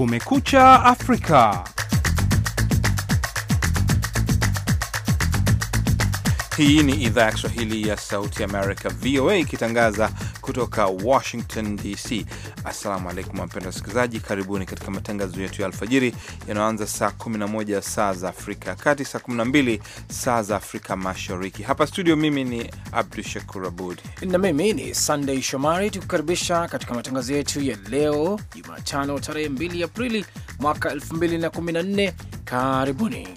Kumekucha Afrika. Hii ni idhaa ya Kiswahili ya Sauti Amerika, VOA, ikitangaza kutoka Washington DC. Assalamu alaikum wapenda wasikilizaji, karibuni katika matangazo yetu ya alfajiri yanayoanza saa 11 saa za Afrika ya Kati, saa 12 saa za Afrika Mashariki. Hapa studio, mimi ni Abdu Shakur Abud na mimi ni sandey Shomari, tukukaribisha katika matangazo yetu ya leo Jumatano tarehe 2 Aprili mwaka 2014. Karibuni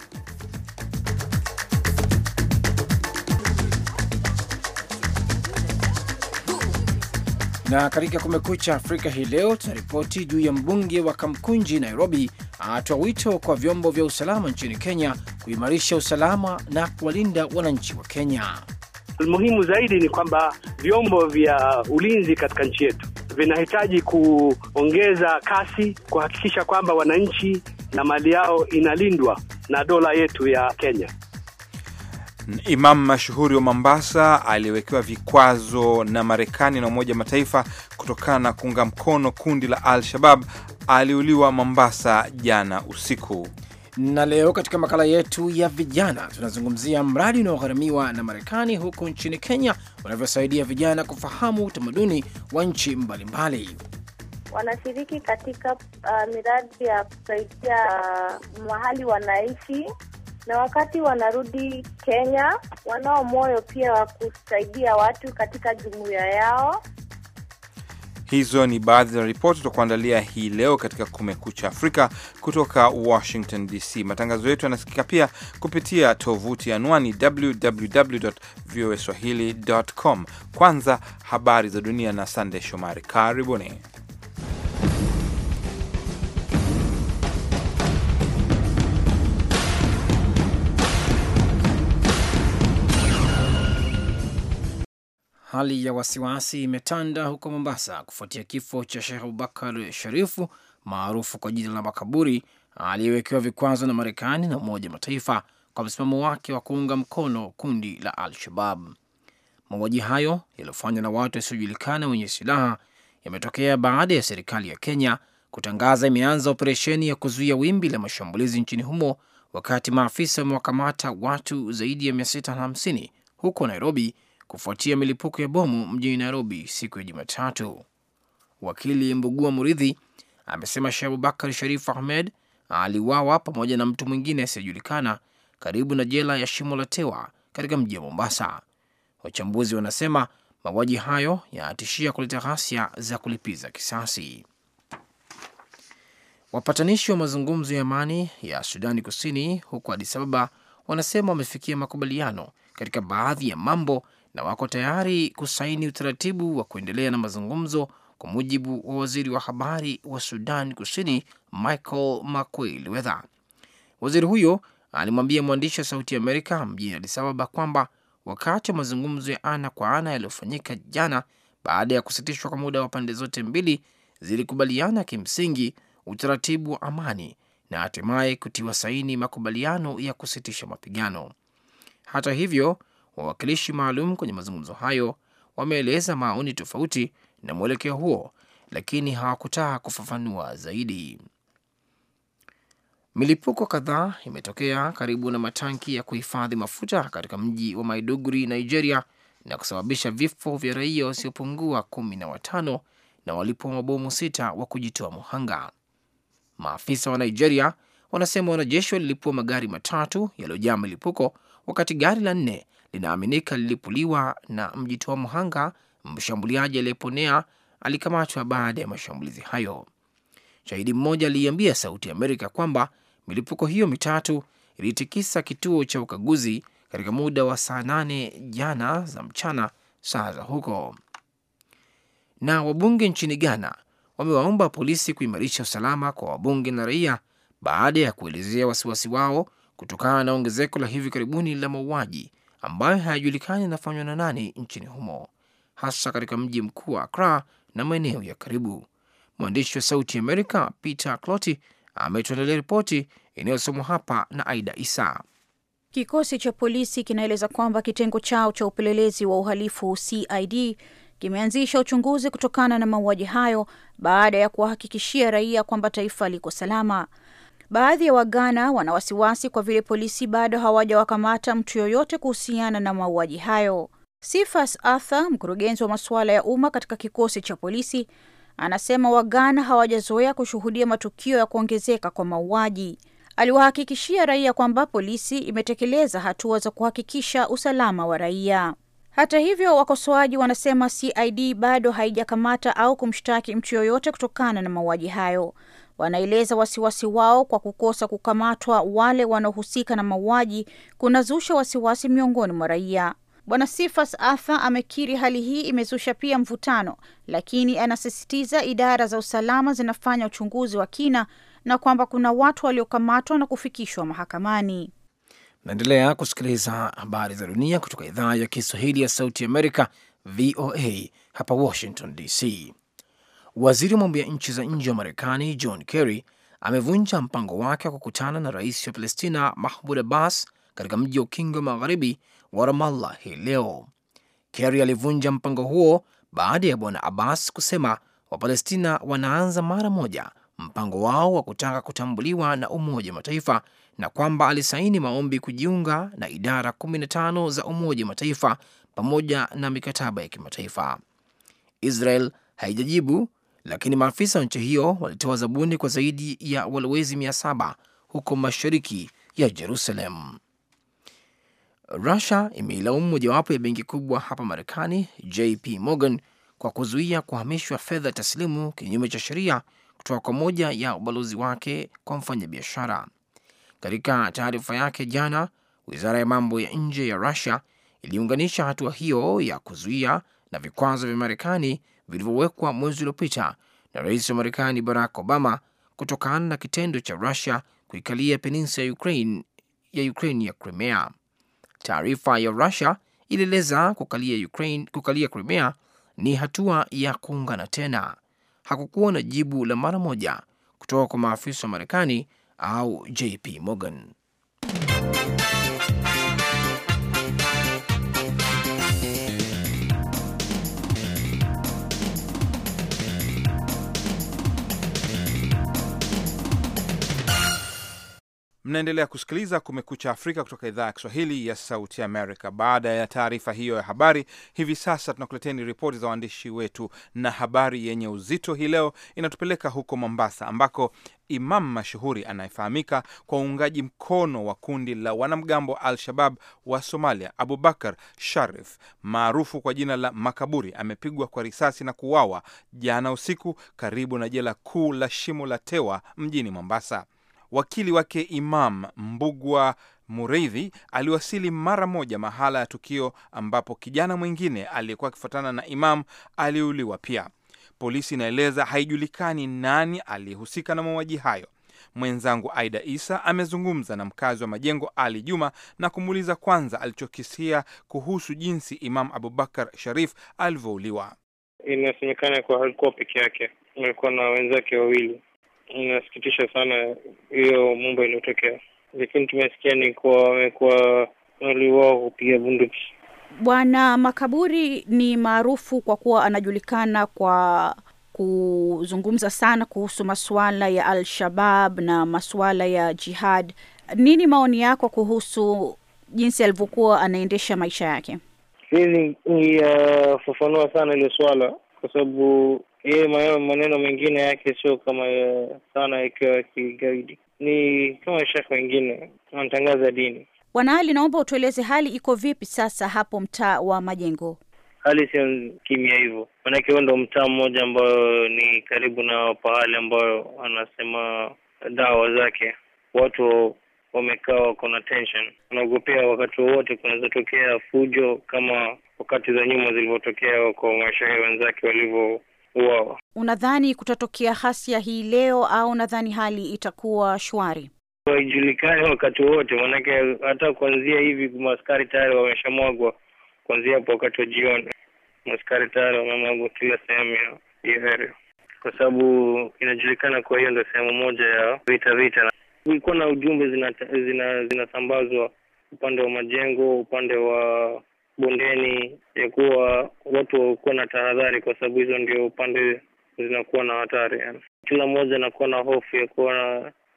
Na katika Kumekucha Afrika hii leo tunaripoti juu ya mbunge wa Kamkunji, Nairobi, anatoa wito kwa vyombo vya usalama nchini Kenya kuimarisha usalama na kuwalinda wananchi wa Kenya. Muhimu zaidi ni kwamba vyombo vya ulinzi katika nchi yetu vinahitaji kuongeza kasi kuhakikisha kwamba wananchi na mali yao inalindwa na dola yetu ya Kenya. Imam mashuhuri wa Mombasa aliwekewa vikwazo na Marekani na Umoja wa Mataifa kutokana na kuunga mkono kundi la Al-Shabab aliuliwa Mombasa jana usiku. Na leo katika makala yetu ya vijana tunazungumzia mradi unaogharamiwa na Marekani huko nchini Kenya unavyosaidia vijana kufahamu utamaduni wa nchi mbalimbali. Wanashiriki katika uh, miradi ya kusaidia uh, mahali wanaishi na wakati wanarudi Kenya, wanao moyo pia wa kusaidia watu katika jumuiya yao. Hizo ni baadhi ya ripoti tutakuandalia hii leo katika Kumekucha Afrika kutoka Washington DC. Matangazo yetu yanasikika pia kupitia tovuti anwani swahilicom Kwanza habari za dunia na sandey Shomari. Karibuni. Hali ya wasiwasi imetanda huko Mombasa kufuatia kifo cha Shekh Abubakar Sharifu maarufu kwa jina la Makaburi aliyewekewa vikwazo na Marekani na Umoja wa Mataifa kwa msimamo wake wa kuunga mkono kundi la Al-Shabab. Mauaji hayo yaliyofanywa na watu wasiojulikana wenye silaha yametokea baada ya serikali ya Kenya kutangaza imeanza operesheni ya kuzuia wimbi la mashambulizi nchini humo, wakati maafisa wamewakamata watu zaidi ya 650 huko Nairobi kufuatia milipuko ya bomu mjini Nairobi siku ya Jumatatu. Wakili Mbugua Muridhi amesema Sheikh Bakar Sharif Ahmed aliwawa pamoja na mtu mwingine asiyejulikana karibu na jela ya Shimo la Tewa katika mji wa Mombasa. Wachambuzi wanasema mauaji hayo yanatishia kuleta ghasia za kulipiza kisasi. Wapatanishi wa mazungumzo ya amani ya Sudani Kusini huko Addis Ababa wanasema wamefikia makubaliano katika baadhi ya mambo na wako tayari kusaini utaratibu wa kuendelea na mazungumzo, kwa mujibu wa waziri wa habari wa Sudan Kusini Michael Makwei Wethe. Waziri huyo alimwambia mwandishi wa Sauti Amerika mjini Addis Ababa kwamba wakati wa mazungumzo ya ana kwa ana yaliyofanyika jana baada ya kusitishwa kwa muda wa pande zote mbili zilikubaliana kimsingi utaratibu wa amani na hatimaye kutiwa saini makubaliano ya kusitisha mapigano. Hata hivyo, Wawakilishi maalum kwenye mazungumzo hayo wameeleza maoni tofauti na mwelekeo huo, lakini hawakutaka kufafanua zaidi. Milipuko kadhaa imetokea karibu na matanki ya kuhifadhi mafuta katika mji wa Maiduguri, Nigeria, na kusababisha vifo vya raia wasiopungua kumi na watano na walipo mabomu sita wa kujitoa muhanga. Maafisa wa Nigeria wanasema wanajeshi walilipua magari matatu yaliyojaa milipuko wakati gari la nne linaaminika lilipuliwa na mjitoa muhanga Mshambuliaji aliyeponea alikamatwa baada ya mashambulizi hayo. Shahidi mmoja aliiambia Sauti ya Amerika kwamba milipuko hiyo mitatu ilitikisa kituo cha ukaguzi katika muda wa saa nane jana za mchana saa za huko. Na wabunge nchini Ghana wamewaomba polisi kuimarisha usalama kwa wabunge na raia baada ya kuelezea wasiwasi wao kutokana na ongezeko la hivi karibuni la mauaji ambayo hayajulikani inafanywa na nani nchini humo, hasa katika mji mkuu wa Akra na maeneo ya karibu. Mwandishi wa Sauti Amerika Peter Cloti ametuandalia ripoti inayosomwa hapa na Aida Isa. Kikosi cha polisi kinaeleza kwamba kitengo chao cha upelelezi wa uhalifu CID kimeanzisha uchunguzi kutokana na mauaji hayo baada ya kuwahakikishia raia kwamba taifa liko salama. Baadhi ya Waghana wana wasiwasi kwa vile polisi bado hawajawakamata mtu yoyote kuhusiana na mauaji hayo. sifas Arthur, mkurugenzi wa masuala ya umma katika kikosi cha polisi, anasema Waghana hawajazoea kushuhudia matukio ya kuongezeka kwa mauaji. Aliwahakikishia raia kwamba polisi imetekeleza hatua za kuhakikisha usalama wa raia. Hata hivyo, wakosoaji wanasema CID bado haijakamata au kumshtaki mtu yoyote kutokana na mauaji hayo wanaeleza wasiwasi wao kwa kukosa kukamatwa wale wanaohusika na mauaji kunazusha wasiwasi miongoni mwa raia. Bwana Sifas Arthur amekiri hali hii imezusha pia mvutano, lakini anasisitiza idara za usalama zinafanya uchunguzi wa kina na kwamba kuna watu waliokamatwa na kufikishwa mahakamani. Naendelea kusikiliza habari za dunia kutoka idhaa ya Kiswahili ya Sauti Amerika, VOA hapa Washington DC. Waziri wa mambo ya nchi za nje wa Marekani John Kerry amevunja mpango wake wa kukutana na rais wa Palestina Mahmud Abbas katika mji wa ukingo wa magharibi wa Ramallah hii leo. Kerry alivunja mpango huo baada ya bwana Abbas kusema Wapalestina wanaanza mara moja mpango wao wa kutaka kutambuliwa na Umoja wa Mataifa na kwamba alisaini maombi kujiunga na idara 15 za Umoja wa Mataifa pamoja na mikataba ya kimataifa. Israel haijajibu lakini maafisa wa nchi hiyo walitoa zabuni kwa zaidi ya walowezi mia saba huko mashariki ya Jerusalem. Rusia imeilaumu mojawapo ya benki kubwa hapa Marekani, JP Morgan, kwa kuzuia kuhamishwa fedha taslimu kinyume cha sheria kutoka kwa moja ya ubalozi wake kwa mfanyabiashara. Katika taarifa yake jana, wizara ya mambo ya nje ya Rusia iliunganisha hatua hiyo ya kuzuia na vikwazo vya Marekani vilivyowekwa mwezi uliopita na rais wa Marekani Barack Obama kutokana na kitendo cha Rusia kuikalia peninsula ya Ukraine ya Ukraine ya Crimea. Taarifa ya Rusia ilieleza kukalia Ukraine, kukalia Crimea ni hatua ya kuungana tena. Hakukuwa na jibu la mara moja kutoka kwa maafisa wa Marekani au JP Morgan. Mnaendelea kusikiliza Kumekucha Afrika kutoka idhaa ya Kiswahili ya Sauti Amerika. Baada ya taarifa hiyo ya habari, hivi sasa tunakuleteni ripoti za waandishi wetu, na habari yenye uzito hii leo inatupeleka huko Mombasa, ambako imam mashuhuri anayefahamika kwa uungaji mkono wa kundi la wanamgambo Al-Shabab wa Somalia, Abubakar Sharif maarufu kwa jina la Makaburi, amepigwa kwa risasi na kuuawa jana usiku karibu na jela kuu la Shimo la Tewa mjini Mombasa. Wakili wake Imam mbugwa Mureithi aliwasili mara moja mahala ya tukio, ambapo kijana mwingine aliyekuwa akifuatana na Imam aliuliwa pia. Polisi inaeleza haijulikani nani aliyehusika na mauaji hayo. Mwenzangu Aida Isa amezungumza na mkazi wa Majengo Ali Juma na kumuuliza kwanza alichokisia kuhusu jinsi Imam Abubakar Sharif alivyouliwa. Inasemekana kuwa alikuwa peke yake, alikuwa na wenzake wawili Inasikitisha sana hiyo mumba iliyotokea, lakini tumesikia ni kuwa wamekuwa waliwao kupiga bunduki. Bwana Makaburi ni maarufu kwa kuwa anajulikana kwa kuzungumza sana kuhusu masuala ya Al-Shabab na masuala ya jihad. Nini maoni yako kuhusu jinsi alivyokuwa anaendesha maisha yake? Hili niyafafanua uh, sana ile swala, kwa sababu hii maneno mengine yake sio kama eh, sana, ikiwa kigaidi ni kama shekhe wengine wanatangaza dini. Bwana Ali, naomba utueleze hali iko vipi sasa hapo mtaa wa Majengo? Hali sio kimya hivyo, maanake huo ndo mtaa mmoja ambayo ni karibu na pahali ambayo anasema dawa zake. Watu wamekaa wako na tension, wanaogopea wakati wowote kunaweza tokea fujo kama wakati za nyuma zilivyotokea kwa mashahe wenzake walivyo kuuawa. Unadhani kutatokea hasia hii leo au unadhani hali itakuwa shwari? Haijulikani wakati wote, maanake hata kuanzia hivi maskari tayari wameshamwagwa kuanzia hapo wakati wa jioni. maskari tayari wamemwagwa kila sehemu ya area, kwa sababu inajulikana kuwa hiyo ndo sehemu moja ya vita vita. Kulikuwa na ujumbe zinasambazwa zina, zina upande wa majengo, upande wa bondeni, ya kuwa watu wakuwa na tahadhari, kwa sababu hizo ndio upande zinakuwa na hatari yani. Kila mmoja anakuwa na hofu ya kuwa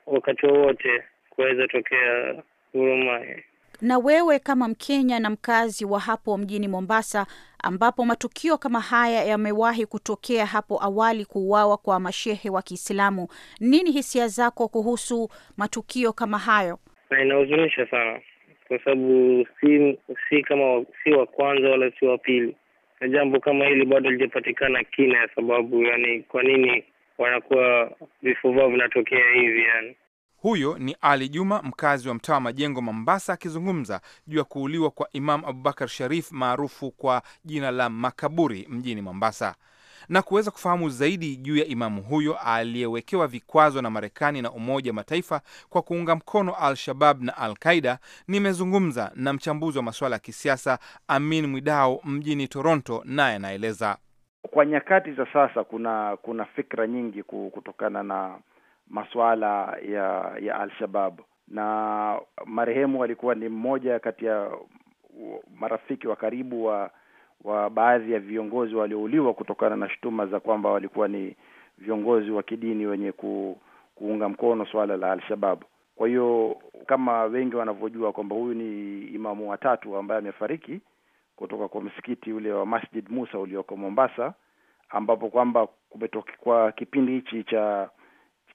wakati wowote kuweza tokea Gurumai. Na wewe kama Mkenya na mkazi wa hapo mjini Mombasa, ambapo matukio kama haya yamewahi kutokea hapo awali, kuuawa kwa mashehe wa Kiislamu, nini hisia zako kuhusu matukio kama hayo? Na inahuzunisha sana kwa sababu si si kama si wa kwanza wala si wa pili, na jambo kama hili bado lijapatikana kina ya sababu, yani kwa nini wanakuwa vifo vyao vinatokea hivi yani. Huyo ni Ali Juma, mkazi wa mtaa wa Majengo, Mombasa, akizungumza juu ya kuuliwa kwa Imam Abubakar Sharif maarufu kwa jina la Makaburi mjini Mombasa na kuweza kufahamu zaidi juu ya imamu huyo aliyewekewa vikwazo na Marekani na Umoja wa Mataifa kwa kuunga mkono Al-Shabab na Al-Qaida, nimezungumza na mchambuzi wa masuala ya kisiasa Amin Mwidao mjini Toronto, naye anaeleza. Kwa nyakati za sasa kuna kuna fikra nyingi kutokana na masuala ya ya Al-Shabab na marehemu alikuwa ni mmoja kati ya marafiki wa karibu wa wa baadhi ya viongozi waliouliwa kutokana na shutuma za kwamba walikuwa ni viongozi wa kidini wenye ku, kuunga mkono swala la al Kwa hiyo kama wengi wanavyojua kwamba huyu ni imamu watatu ambaye amefariki kutoka kwa msikiti ule wa Masjid Musa ulioko Mombasa, ambapo kwamba kwa kipindi hichi cha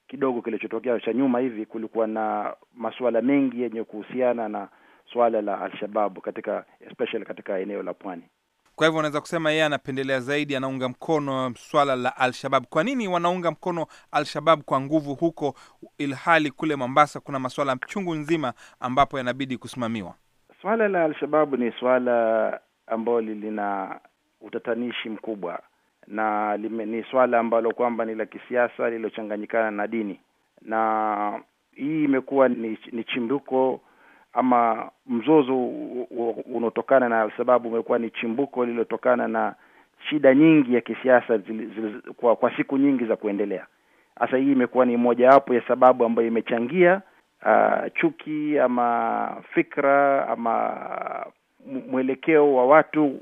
kidogo kilichotokea cha nyuma hivi kulikuwa na masuala mengi yenye kuhusiana na swala la Al-Shabaab katika especially katika eneo la pwani. Kwa hivyo unaweza kusema yeye anapendelea zaidi, anaunga mkono swala la Al-Shabab. Kwa nini wanaunga mkono al kwa nguvu huko, ilhali kule Mombasa kuna masuala chungu nzima ambapo yanabidi kusimamiwa? Swala la al ni swala ambalo lina utatanishi mkubwa na lime, ni swala ambalo kwamba ni la kisiasa lililochanganyikana na dini, na hii imekuwa ni, ni chimbuko ama mzozo unaotokana na sababu umekuwa ni chimbuko lililotokana na shida nyingi ya kisiasa zili, zili, kwa, kwa siku nyingi za kuendelea. Sasa hii imekuwa ni mojawapo ya sababu ambayo imechangia uh, chuki ama fikra ama mwelekeo wa watu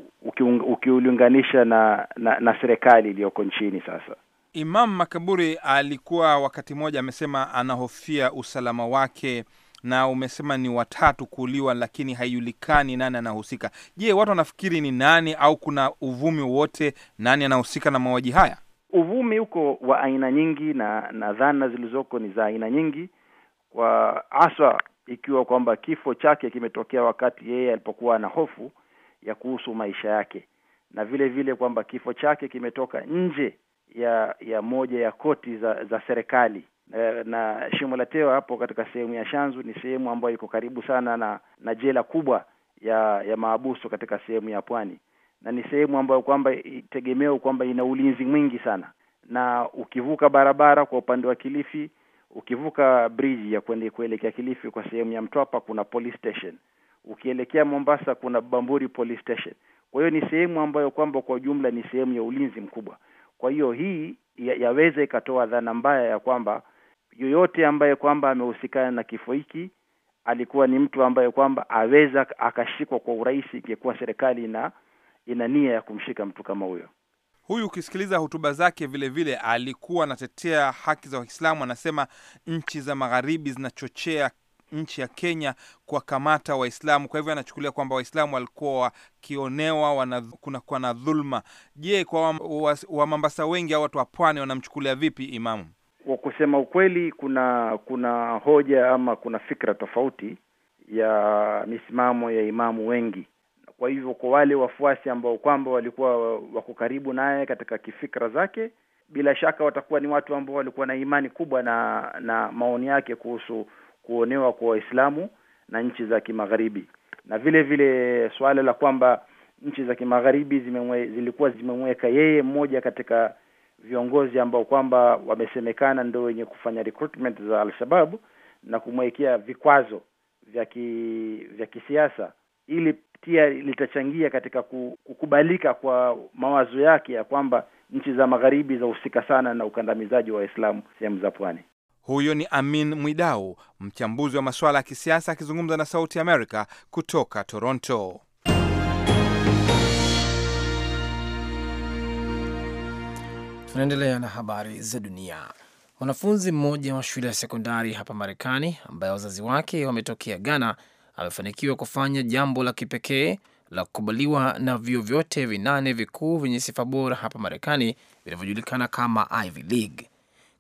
ukiulinganisha na, na, na serikali iliyoko nchini sasa. Imam Makaburi alikuwa wakati mmoja amesema anahofia usalama wake na umesema ni watatu kuuliwa, lakini haijulikani nani anahusika. Je, watu wanafikiri ni nani au kuna uvumi wowote nani anahusika na mauaji haya? Uvumi huko wa aina nyingi na, na dhana zilizoko ni za aina nyingi, kwa haswa ikiwa kwamba kifo chake kimetokea wakati yeye alipokuwa na hofu ya kuhusu maisha yake, na vile vile kwamba kifo chake kimetoka nje ya ya moja ya koti za, za serikali Eh, na shimo la tewa hapo katika sehemu ya Shanzu ni sehemu ambayo iko karibu sana na, na jela kubwa ya ya maabuso katika sehemu ya pwani, na ni sehemu ambayo kwamba itegemeo kwamba ina ulinzi mwingi sana, na ukivuka barabara kwa upande wa Kilifi, ukivuka bridge ya kwenda kuelekea Kilifi kwa sehemu ya Mtwapa kuna police station, ukielekea Mombasa kuna Bamburi police station. Kwa hiyo ni sehemu ambayo kwamba kwa ujumla ni sehemu ya ulinzi mkubwa. Kwa hiyo hii yaweza ya ikatoa dhana mbaya ya kwamba yoyote ambaye kwamba amehusikana na kifo hiki alikuwa ni mtu ambaye kwamba aweza akashikwa kwa urahisi ingekuwa serikali ina ina nia ya kumshika mtu kama huyo. Huyu ukisikiliza hotuba zake vile vile alikuwa anatetea haki za Waislamu. Anasema nchi za magharibi zinachochea nchi ya Kenya kuwakamata Waislamu, kwa hivyo anachukulia kwamba Waislamu walikuwa wakionewa, kunakuwa na dhulma. Je, kwa Wamambasa wa wengi au watu wa pwani wanamchukulia vipi Imamu? kwa kusema ukweli, kuna kuna hoja ama kuna fikra tofauti ya misimamo ya imamu wengi. Kwa hivyo kwa wale wafuasi ambao kwamba walikuwa wako karibu naye katika kifikra zake, bila shaka watakuwa ni watu ambao walikuwa na imani kubwa na na maoni yake kuhusu kuonewa kwa Waislamu na nchi za kimagharibi, na vile vile suala la kwamba nchi za kimagharibi zimemwe, zilikuwa zimemweka yeye mmoja katika viongozi ambao kwamba wamesemekana ndio wenye kufanya recruitment za Alshababu na kumwekea vikwazo vya ki, vya kisiasa, ili pia litachangia katika kukubalika kwa mawazo yake ya kwamba nchi za magharibi zahusika sana na ukandamizaji wa Waislamu sehemu za pwani. Huyo ni Amin Mwidau, mchambuzi wa masuala ya kisiasa akizungumza na Sauti Amerika kutoka Toronto. Tunaendelea na habari za dunia. Mwanafunzi mmoja wa shule ya sekondari hapa Marekani ambaye wazazi wake wametokea Ghana amefanikiwa kufanya jambo la kipekee la kukubaliwa na vyuo vyote vinane vikuu vyenye sifa bora hapa Marekani vinavyojulikana kama Ivy League.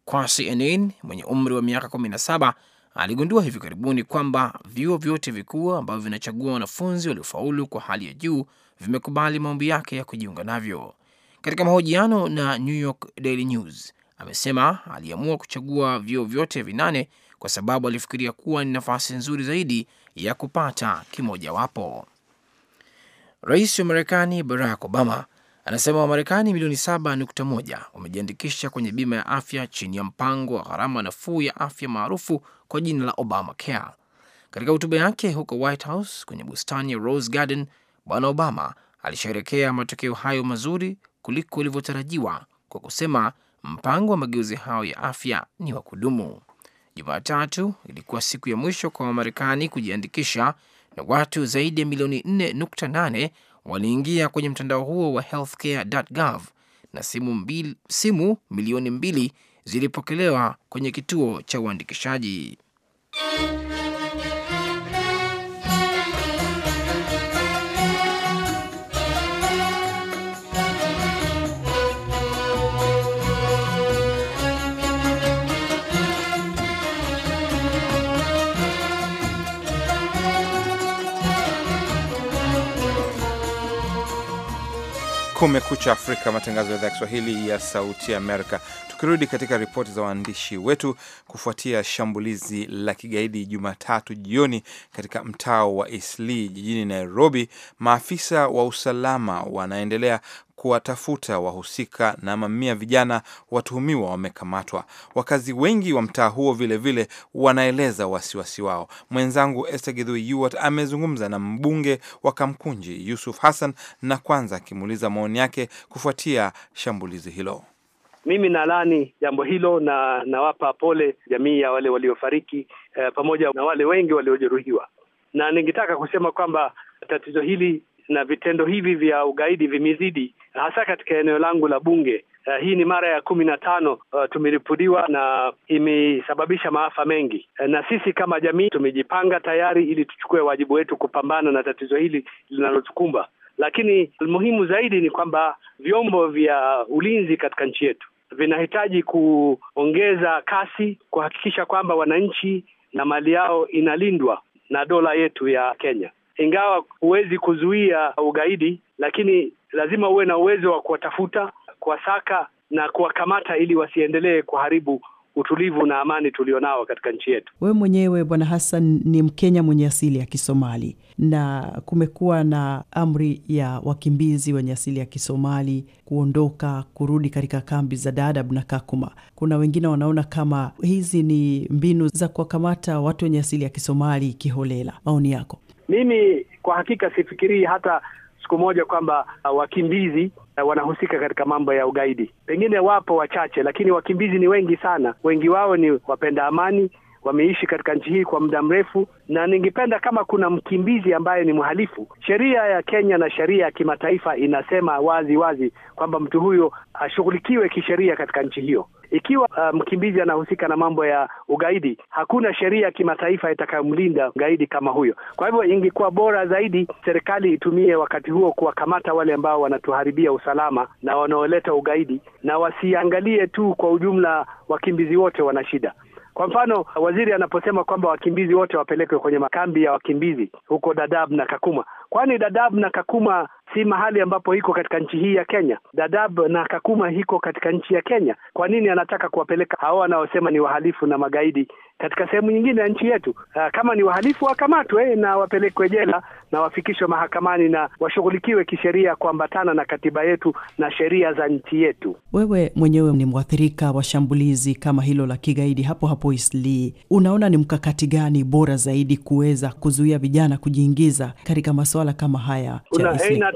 Kwasi Enin mwenye umri wa miaka 17 aligundua hivi karibuni kwamba vyuo vyote vikuu ambavyo vinachagua wanafunzi waliofaulu kwa hali ya juu vimekubali maombi yake ya kujiunga navyo. Katika mahojiano na New York Daily News amesema aliamua kuchagua vyuo vyote vinane kwa sababu alifikiria kuwa ni nafasi nzuri zaidi ya kupata kimojawapo. Rais wa Marekani Barack Obama anasema Wamarekani milioni 7.1 wamejiandikisha kwenye bima ya afya chini ya mpango wa gharama nafuu ya afya maarufu kwa jina la Obamacare. Katika hotuba yake huko White House kwenye bustani ya Rose Garden, Bwana Obama alisherekea matokeo hayo mazuri kuliko ilivyotarajiwa kwa kusema mpango wa mageuzi hayo ya afya ni wa kudumu. Jumatatu ilikuwa siku ya mwisho kwa Wamarekani kujiandikisha na watu zaidi ya milioni 4.8 waliingia kwenye mtandao huo wa healthcare.gov na simu, mbil, simu milioni mbili zilipokelewa kwenye kituo cha uandikishaji. Kumekucha Afrika, matangazo ya idhaa ya Kiswahili ya Sauti Amerika. Tukirudi katika ripoti za waandishi wetu, kufuatia shambulizi la kigaidi Jumatatu jioni katika mtaa wa Isli jijini Nairobi, maafisa wa usalama wanaendelea kuwatafuta wahusika na mamia vijana watuhumiwa wamekamatwa. Wakazi wengi wa mtaa huo vilevile vile wanaeleza wasiwasi wao. Mwenzangu Esther Githui amezungumza na mbunge wa Kamkunji Yusuf Hassan, na kwanza akimuuliza maoni yake kufuatia shambulizi hilo. Mimi nalani jambo hilo na nawapa pole jamii ya wale waliofariki, eh, pamoja na wale wengi waliojeruhiwa, na ningetaka kusema kwamba tatizo hili na vitendo hivi vya ugaidi vimezidi hasa katika eneo langu la Bunge. Uh, hii ni mara ya kumi na tano uh, eh, tumeripudiwa na imesababisha maafa mengi uh, na sisi kama jamii tumejipanga tayari ili tuchukue wajibu wetu kupambana na tatizo hili linalotukumba, lakini muhimu zaidi ni kwamba vyombo vya ulinzi katika nchi yetu vinahitaji kuongeza kasi kuhakikisha kwamba wananchi na mali yao inalindwa na dola yetu ya Kenya ingawa huwezi kuzuia ugaidi, lakini lazima uwe na uwezo wa kuwatafuta, kuwasaka na kuwakamata ili wasiendelee kuharibu utulivu na amani tulionao katika nchi yetu. Wewe mwenyewe Bwana Hassan ni Mkenya mwenye asili ya Kisomali, na kumekuwa na amri ya wakimbizi wenye asili ya Kisomali kuondoka kurudi katika kambi za Dadaab na Kakuma. Kuna wengine wanaona kama hizi ni mbinu za kuwakamata watu wenye asili ya Kisomali kiholela. Maoni yako? Mimi kwa hakika sifikirii hata siku moja kwamba uh, wakimbizi uh, wanahusika katika mambo ya ugaidi. Pengine wapo wachache, lakini wakimbizi ni wengi sana. Wengi wao ni wapenda amani wameishi katika nchi hii kwa muda mrefu, na ningependa kama kuna mkimbizi ambaye ni mhalifu, sheria ya Kenya na sheria ya kimataifa inasema wazi wazi kwamba mtu huyo ashughulikiwe kisheria katika nchi hiyo. Ikiwa uh, mkimbizi anahusika na mambo ya ugaidi, hakuna sheria ya kimataifa itakayomlinda mgaidi kama huyo. Kwa hivyo, ingekuwa bora zaidi serikali itumie wakati huo kuwakamata wale ambao wanatuharibia usalama na wanaoleta ugaidi, na wasiangalie tu kwa ujumla wakimbizi wote wana shida. Kwa mfano, waziri anaposema kwamba wakimbizi wote wapelekwe kwenye makambi ya wakimbizi huko Dadaab na Kakuma, kwani Dadaab na Kakuma si mahali ambapo iko katika nchi hii ya Kenya. Dadaab na Kakuma iko katika nchi ya Kenya. Kwa nini anataka kuwapeleka hao wanaosema ni wahalifu na magaidi katika sehemu nyingine ya nchi yetu? Aa, ah, kama ni wahalifu wakamatwe na wapelekwe jela na wafikishwe mahakamani na washughulikiwe kisheria kuambatana na katiba yetu na sheria za nchi yetu. Wewe mwenyewe ni mwathirika wa shambulizi kama hilo la kigaidi hapo hapo Isli, unaona ni mkakati gani bora zaidi kuweza kuzuia vijana kujiingiza katika masuala kama haya?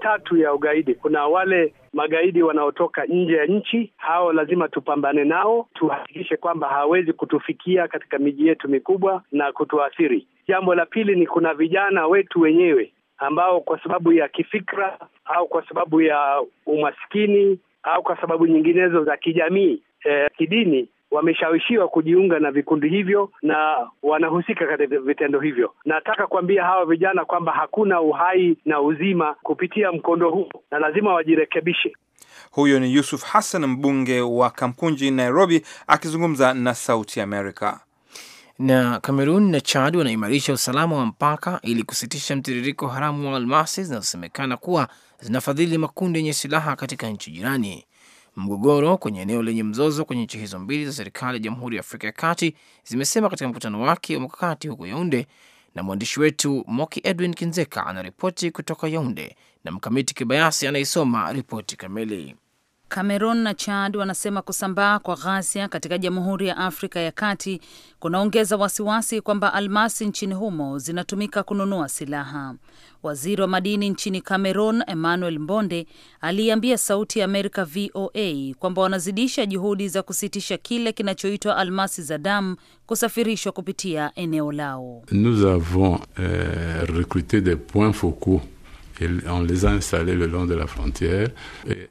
tatu ya ugaidi. Kuna wale magaidi wanaotoka nje ya nchi, hao lazima tupambane nao, tuhakikishe kwamba hawawezi kutufikia katika miji yetu mikubwa na kutuathiri. Jambo la pili ni kuna vijana wetu wenyewe ambao kwa sababu ya kifikra au kwa sababu ya umaskini au kwa sababu nyinginezo za kijamii eh, kidini wameshawishiwa kujiunga na vikundi hivyo na wanahusika katika vitendo hivyo. Nataka kuambia hawa vijana kwamba hakuna uhai na uzima kupitia mkondo huu na lazima wajirekebishe. Huyo ni Yusuf Hassan, mbunge wa Kampunji, Nairobi, akizungumza na Sauti Amerika. Na Kamerun na Chad wanaimarisha usalama wa mpaka ili kusitisha mtiririko haramu wa almasi zinazosemekana kuwa zinafadhili makundi yenye silaha katika nchi jirani mgogoro kwenye eneo lenye mzozo kwenye nchi hizo mbili za serikali ya Jamhuri ya Afrika ya Kati zimesema katika mkutano wake wa mkakati huko Yaunde. Na mwandishi wetu Moki Edwin Kinzeka anaripoti kutoka Yaunde na Mkamiti Kibayasi anaisoma ripoti kamili. Cameroon na Chad wanasema kusambaa kwa ghasia katika Jamhuri ya Afrika ya Kati kunaongeza wasiwasi kwamba almasi nchini humo zinatumika kununua silaha. Waziri wa madini nchini Cameroon, Emmanuel Mbonde, aliiambia Sauti ya Amerika VOA kwamba wanazidisha juhudi za kusitisha kile kinachoitwa almasi za damu kusafirishwa kupitia eneo lao. Nous avons, eh, recruté des points focaux On les a installe le long de la frontiere.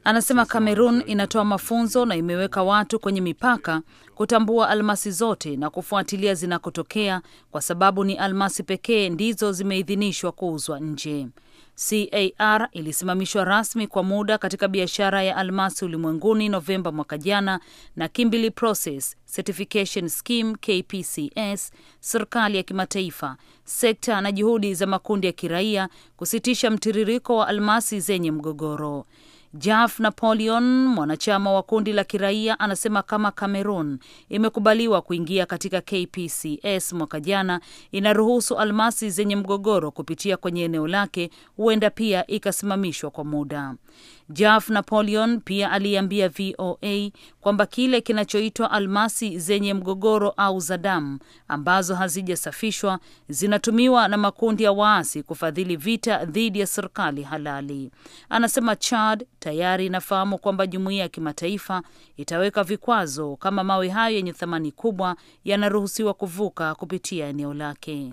Anasema Cameroon inatoa mafunzo na imeweka watu kwenye mipaka kutambua almasi zote na kufuatilia zinakotokea, kwa sababu ni almasi pekee ndizo zimeidhinishwa kuuzwa nje. CAR ilisimamishwa rasmi kwa muda katika biashara ya almasi ulimwenguni Novemba mwaka jana na Kimberley Process Certification Scheme KPCS, serikali ya kimataifa, sekta na juhudi za makundi ya kiraia kusitisha mtiririko wa almasi zenye mgogoro. Jaf Napoleon, mwanachama wa kundi la kiraia, anasema kama Cameroon imekubaliwa kuingia katika KPCS mwaka jana, inaruhusu almasi zenye mgogoro kupitia kwenye eneo lake, huenda pia ikasimamishwa kwa muda. Jeff Napoleon pia aliambia VOA kwamba kile kinachoitwa almasi zenye mgogoro au za damu ambazo hazijasafishwa zinatumiwa na makundi ya waasi kufadhili vita dhidi ya serikali halali. Anasema Chad tayari inafahamu kwamba jumuiya ya kimataifa itaweka vikwazo kama mawe hayo yenye thamani kubwa yanaruhusiwa kuvuka kupitia eneo lake.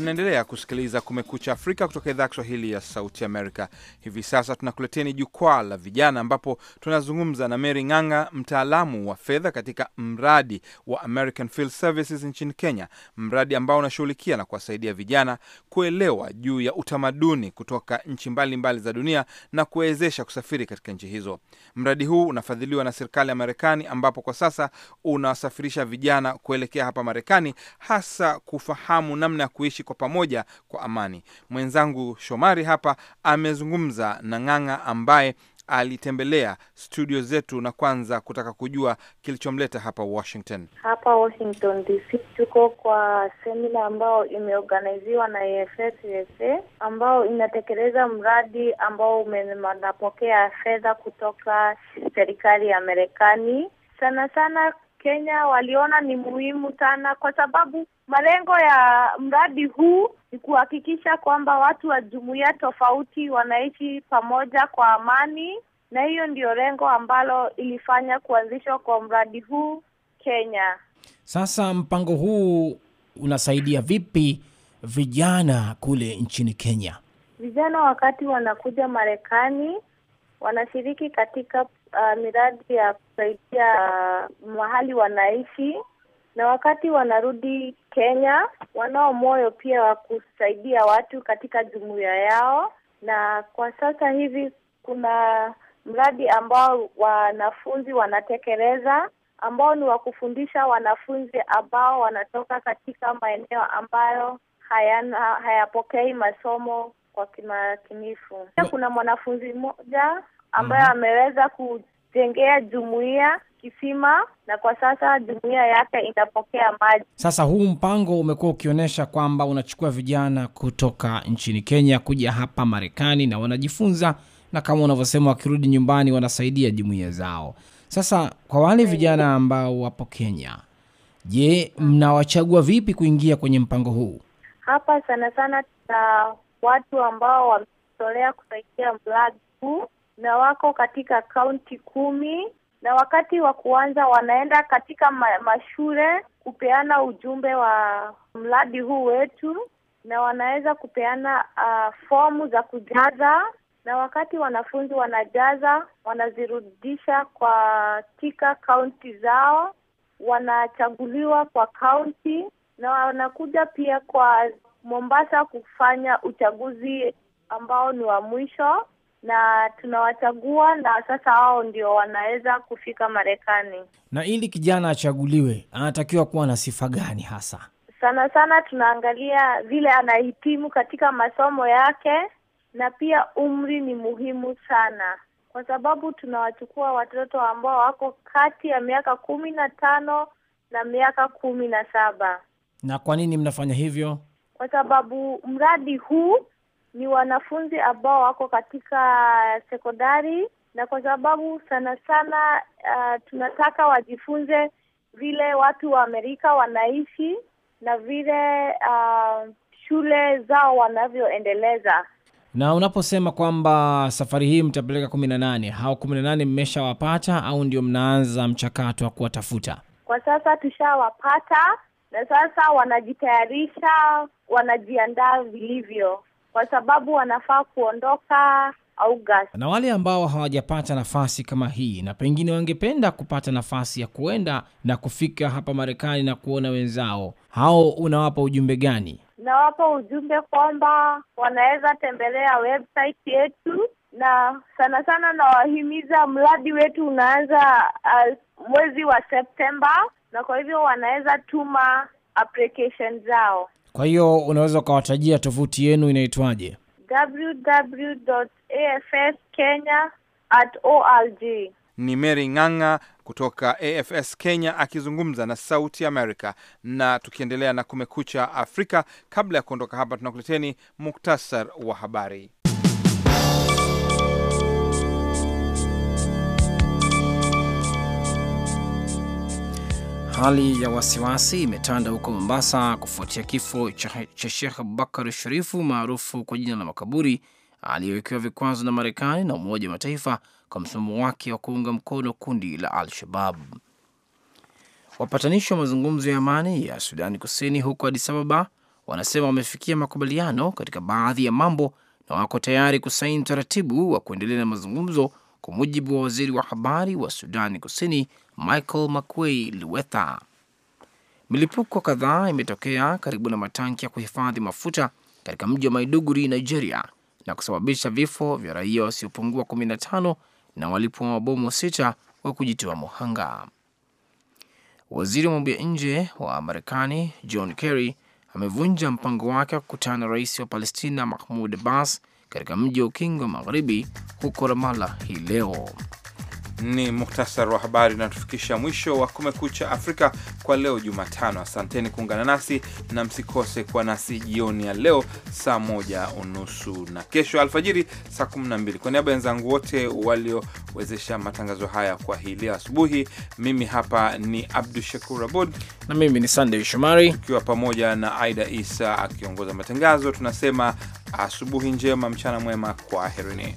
Mnaendelea kusikiliza Kumekucha Afrika kutoka idhaa ya Kiswahili ya Sauti Amerika. Hivi sasa tunakuleteni Jukwaa la Vijana, ambapo tunazungumza na Mary Ng'ang'a, mtaalamu wa fedha katika mradi wa American Field Services nchini Kenya, mradi ambao unashughulikia na kuwasaidia vijana kuelewa juu ya utamaduni kutoka nchi mbalimbali za dunia na kuwezesha kusafiri katika nchi hizo. Mradi huu unafadhiliwa na serikali ya Marekani, ambapo kwa sasa unawasafirisha vijana kuelekea hapa Marekani, hasa kufahamu namna ya kuishi kwa pamoja kwa amani. Mwenzangu Shomari hapa amezungumza na Ng'ang'a ambaye alitembelea studio zetu na kwanza kutaka kujua kilichomleta hapa Washington. Hapa Washington DC tuko kwa semina ambayo imeorganiziwa na EFSSA ambao inatekeleza mradi ambao unapokea fedha kutoka serikali ya Marekani sana sana Kenya waliona ni muhimu sana, kwa sababu malengo ya mradi huu ni kuhakikisha kwamba watu wa jumuiya tofauti wanaishi pamoja kwa amani, na hiyo ndio lengo ambalo ilifanya kuanzishwa kwa mradi huu Kenya. Sasa mpango huu unasaidia vipi vijana kule nchini Kenya? Vijana wakati wanakuja Marekani wanashiriki katika uh, miradi ya kusaidia uh, mahali wanaishi, na wakati wanarudi Kenya wanao moyo pia wa kusaidia watu katika jumuiya yao. Na kwa sasa hivi kuna mradi ambao wanafunzi wanatekeleza ambao ni wa kufundisha wanafunzi ambao wanatoka katika maeneo ambayo hayana hayapokei masomo kwa kimakinifu. Kuna mwanafunzi mmoja ambayo mm -hmm. ameweza kujengea jumuia kisima na kwa sasa jumuia yake inapokea maji. Sasa huu mpango umekuwa ukionyesha kwamba unachukua vijana kutoka nchini Kenya kuja hapa Marekani na wanajifunza, na kama unavyosema wakirudi nyumbani wanasaidia jumuia zao. Sasa kwa wale vijana ambao wapo Kenya, je, mnawachagua vipi kuingia kwenye mpango huu? Hapa sana sana tuna watu ambao wametolea kusaidia mradi huu na wako katika kaunti kumi, na wakati wa kuanza wanaenda katika ma mashule kupeana ujumbe wa mradi huu wetu, na wanaweza kupeana uh, fomu za kujaza, na wakati wanafunzi wanajaza, wanazirudisha katika kaunti zao, wanachaguliwa kwa kaunti na wanakuja pia kwa Mombasa kufanya uchaguzi ambao ni wa mwisho na tunawachagua na sasa wao ndio wanaweza kufika Marekani. Na ili kijana achaguliwe, anatakiwa kuwa na sifa gani hasa? Sana sana tunaangalia vile anahitimu katika masomo yake, na pia umri ni muhimu sana, kwa sababu tunawachukua watoto ambao wako kati ya miaka kumi na tano na miaka kumi na saba. Na kwa nini mnafanya hivyo? Kwa sababu mradi huu ni wanafunzi ambao wako katika sekondari, na kwa sababu sana sana uh, tunataka wajifunze vile watu wa Amerika wanaishi na vile uh, shule zao wanavyoendeleza. Na unaposema kwamba safari hii mtapeleka kumi na nane, hao kumi na nane mmeshawapata au ndio mnaanza mchakato wa kuwatafuta? Kwa sasa tushawapata, na sasa wanajitayarisha, wanajiandaa vilivyo kwa sababu wanafaa kuondoka August. Na wale ambao hawajapata nafasi kama hii na pengine wangependa kupata nafasi ya kuenda na kufika hapa Marekani na kuona wenzao hao, unawapa ujumbe gani? Nawapa ujumbe kwamba wanaweza tembelea website yetu, na sana sana nawahimiza, mradi wetu unaanza uh, mwezi wa Septemba, na kwa hivyo wanaweza tuma application zao. Kwa hiyo unaweza ukawatajia tovuti yenu inaitwaje? Ni Mary Ng'ang'a kutoka AFS Kenya akizungumza na Sauti Amerika. Na tukiendelea na Kumekucha Afrika, kabla ya kuondoka hapa, tunakuleteni muktasar wa habari. Hali ya wasiwasi imetanda huko Mombasa kufuatia kifo cha, cha Shekh Abubakar Sharifu maarufu kwa jina la Makaburi aliyewekewa vikwazo na Marekani na Umoja wa Mataifa kwa msimamo wake wa kuunga mkono kundi la Al-Shabab. Wapatanishi wa mazungumzo ya amani ya Sudani Kusini huko Addis Ababa wanasema wamefikia makubaliano katika baadhi ya mambo na wako tayari kusaini taratibu wa kuendelea na mazungumzo kwa mujibu wa waziri wa habari wa Sudani Kusini Michael Makwei luetha Milipuko kadhaa imetokea karibu na matanki ya kuhifadhi mafuta katika mji wa Maiduguri, Nigeria, na kusababisha vifo vya raia wasiopungua 15 na walipua mabomu sita wa kujitoa muhanga. Waziri wa mambo ya nje wa Marekani John Kerry amevunja mpango wake wa kukutana na rais wa Palestina Mahmud Abbas katika mji wa Ukingo wa Magharibi huko Ramala hii leo ni muhtasari wa habari inatufikisha mwisho wa Kumekucha Afrika kwa leo Jumatano. Asanteni kuungana nasi na msikose kwa nasi jioni ya leo saa moja unusu na kesho alfajiri saa kumi na mbili. Kwa niaba ya wenzangu wote waliowezesha matangazo haya kwa hii leo asubuhi, mimi hapa ni Abdu Shakur Abud na mimi ni Sandey Shomari, tukiwa pamoja na Aida Isa akiongoza matangazo, tunasema asubuhi njema, mchana mwema, kwa herini